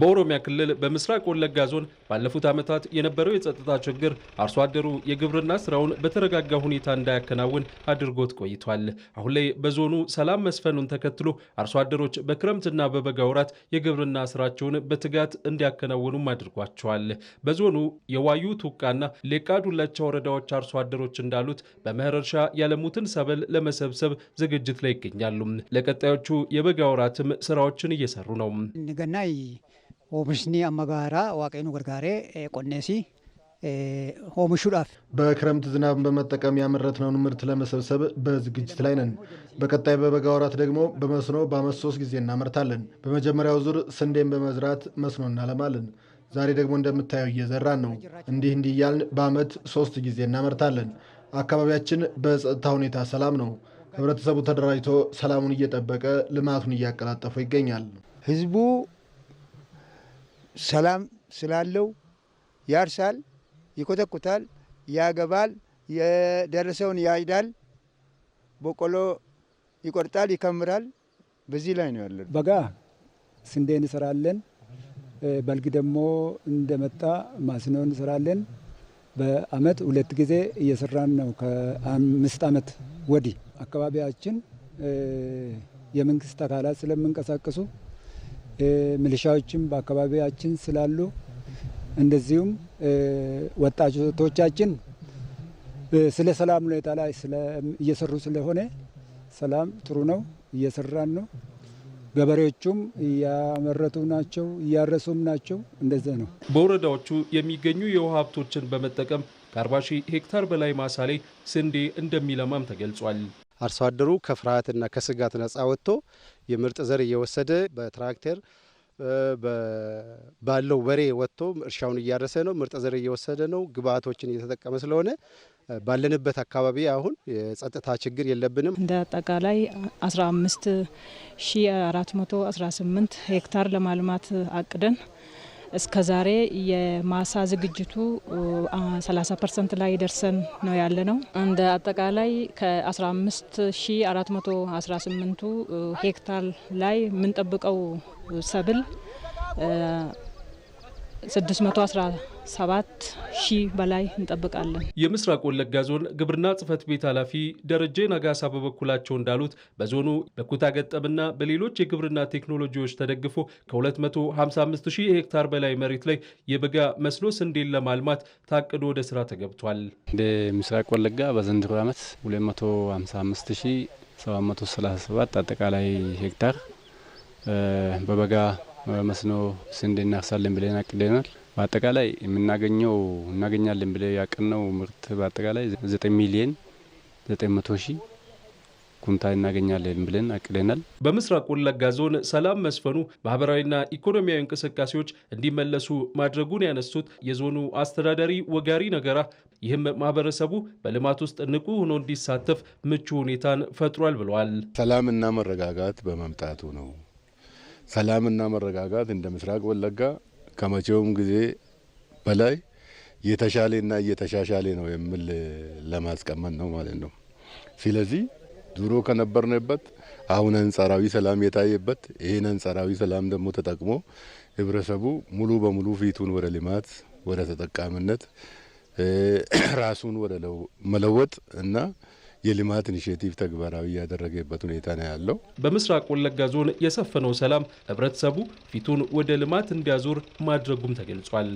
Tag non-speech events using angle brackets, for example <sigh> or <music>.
በኦሮሚያ ክልል በምስራቅ ወለጋ ዞን ባለፉት ዓመታት የነበረው የጸጥታ ችግር አርሶ አደሩ የግብርና ስራውን በተረጋጋ ሁኔታ እንዳያከናውን አድርጎት ቆይቷል። አሁን ላይ በዞኑ ሰላም መስፈኑን ተከትሎ አርሶ አደሮች በክረምትና በበጋ ወራት የግብርና ስራቸውን በትጋት እንዲያከናውኑም አድርጓቸዋል። በዞኑ የዋዩ ቱቃና ሌቃ ወረዳዎች አርሶ አደሮች እንዳሉት በመኸር እርሻ ያለሙትን ሰብል ለመሰብሰብ ዝግጅት ላይ ይገኛሉ። ለቀጣዮቹ የበጋ ወራትም ስራዎችን እየሰሩ ነው። Oomishni amma gaaraa waaqaynu gargaaree qonneesii ሆምሹዳፍ በክረምት ዝናብን በመጠቀም ያመረትነውን ምርት ለመሰብሰብ በዝግጅት ላይ ነን። በቀጣይ በበጋ ወራት ደግሞ በመስኖ በአመት ሶስት ጊዜ እናመርታለን። በመጀመሪያው ዙር ስንዴን በመዝራት መስኖ እናለማለን። ዛሬ ደግሞ እንደምታየው እየዘራን ነው። እንዲህ እንዲህ እያልን በዓመት ሶስት ጊዜ እናመርታለን። አካባቢያችን በጸጥታ ሁኔታ ሰላም ነው። ህብረተሰቡ ተደራጅቶ ሰላሙን እየጠበቀ ልማቱን እያቀላጠፈው ይገኛል። ህዝቡ ሰላም ስላለው ያርሳል፣ ይኮተኩታል፣ ያገባል፣ የደረሰውን ያጭዳል፣ በቆሎ ይቆርጣል፣ ይከምራል። በዚህ ላይ ነው ያለን። በጋ ስንዴ እንሰራለን። በልግ ደግሞ እንደመጣ ማስኖ እንሰራለን። በአመት ሁለት ጊዜ እየሰራን ነው። ከአምስት አመት ወዲህ አካባቢያችን የመንግስት አካላት ስለምንቀሳቀሱ ሚሊሻዎችም በአካባቢያችን ስላሉ እንደዚሁም ወጣቶቻችን ስለ ሰላም ሁኔታ ላይ እየሰሩ ስለሆነ ሰላም ጥሩ ነው፣ እየሰራን ነው። ገበሬዎቹም እያመረቱ ናቸው፣ እያረሱም ናቸው። እንደዚህ ነው። በወረዳዎቹ የሚገኙ የውሃ ሀብቶችን በመጠቀም ከ40 ሺህ ሄክታር በላይ ማሳ ላይ ስንዴ እንደሚለማም ተገልጿል። አርሶ አደሩ ከፍርሃትና ከስጋት ነጻ ወጥቶ የምርጥ ዘር እየወሰደ በትራክተር ባለው በሬ ወጥቶ እርሻውን እያረሰ ነው። ምርጥ ዘር እየወሰደ ነው። ግብአቶችን እየተጠቀመ ስለሆነ ባለንበት አካባቢ አሁን የጸጥታ ችግር የለብንም። እንደ አጠቃላይ 15418 ሄክታር ለማልማት አቅደን እስከ ዛሬ የማሳ ዝግጅቱ 30 ፐርሰንት ላይ ደርሰን ነው ያለ ነው። እንደ አጠቃላይ ከ15418ቱ ሄክታር ላይ የምንጠብቀው ሰብል ሰባት ሺህ በላይ እንጠብቃለን። የምስራቅ ወለጋ ዞን ግብርና ጽሕፈት ቤት ኃላፊ ደረጀ ነጋሳ በበኩላቸው እንዳሉት በዞኑ በኩታ ገጠምና በሌሎች የግብርና ቴክኖሎጂዎች ተደግፎ ከ255 ሺህ ሄክታር በላይ መሬት ላይ የበጋ መስኖ ስንዴን ለማልማት ታቅዶ ወደ ስራ ተገብቷል። ምስራቅ ወለጋ በዘንድሮ ዓመት 737 አጠቃላይ ሄክታር በበጋ መስኖ ስንዴ እናርሳለን ብለን አቅደናል። በአጠቃላይ የምናገኘው እናገኛለን ብለ ያቀነው ምርት በአጠቃላይ ዘጠኝ ሚሊየን ዘጠኝ መቶ ሺህ ኩንታ እናገኛለን ብለን አቅደናል። በምስራቅ ወለጋ ዞን ሰላም መስፈኑ ማህበራዊና ኢኮኖሚያዊ እንቅስቃሴዎች እንዲመለሱ ማድረጉን ያነሱት የዞኑ አስተዳዳሪ ወጋሪ ነገራ፣ ይህም ማህበረሰቡ በልማት ውስጥ ንቁ ሆኖ እንዲሳተፍ ምቹ ሁኔታን ፈጥሯል ብለዋል። ሰላምና መረጋጋት በመምጣቱ ነው። ሰላምና መረጋጋት እንደ ምስራቅ ወለጋ ከመቼውም ጊዜ በላይ የተሻለና እየተሻሻለ ነው የሚል ለማስቀመጥ ነው ማለት ነው። ስለዚህ ድሮ ከነበርንበት አሁን አንጻራዊ ሰላም የታየበት ይህን አንጻራዊ ሰላም ደግሞ ተጠቅሞ ህብረተሰቡ ሙሉ በሙሉ ፊቱን ወደ ልማት፣ ወደ ተጠቃሚነት <clears throat> ራሱን ወደ መለወጥ እና የልማት ኢኒሽቲቭ ተግባራዊ ያደረገበት ሁኔታ ነው ያለው። በምስራቅ ወለጋ ዞን የሰፈነው ሰላም ህብረተሰቡ ፊቱን ወደ ልማት እንዲያዞር ማድረጉም ተገልጿል።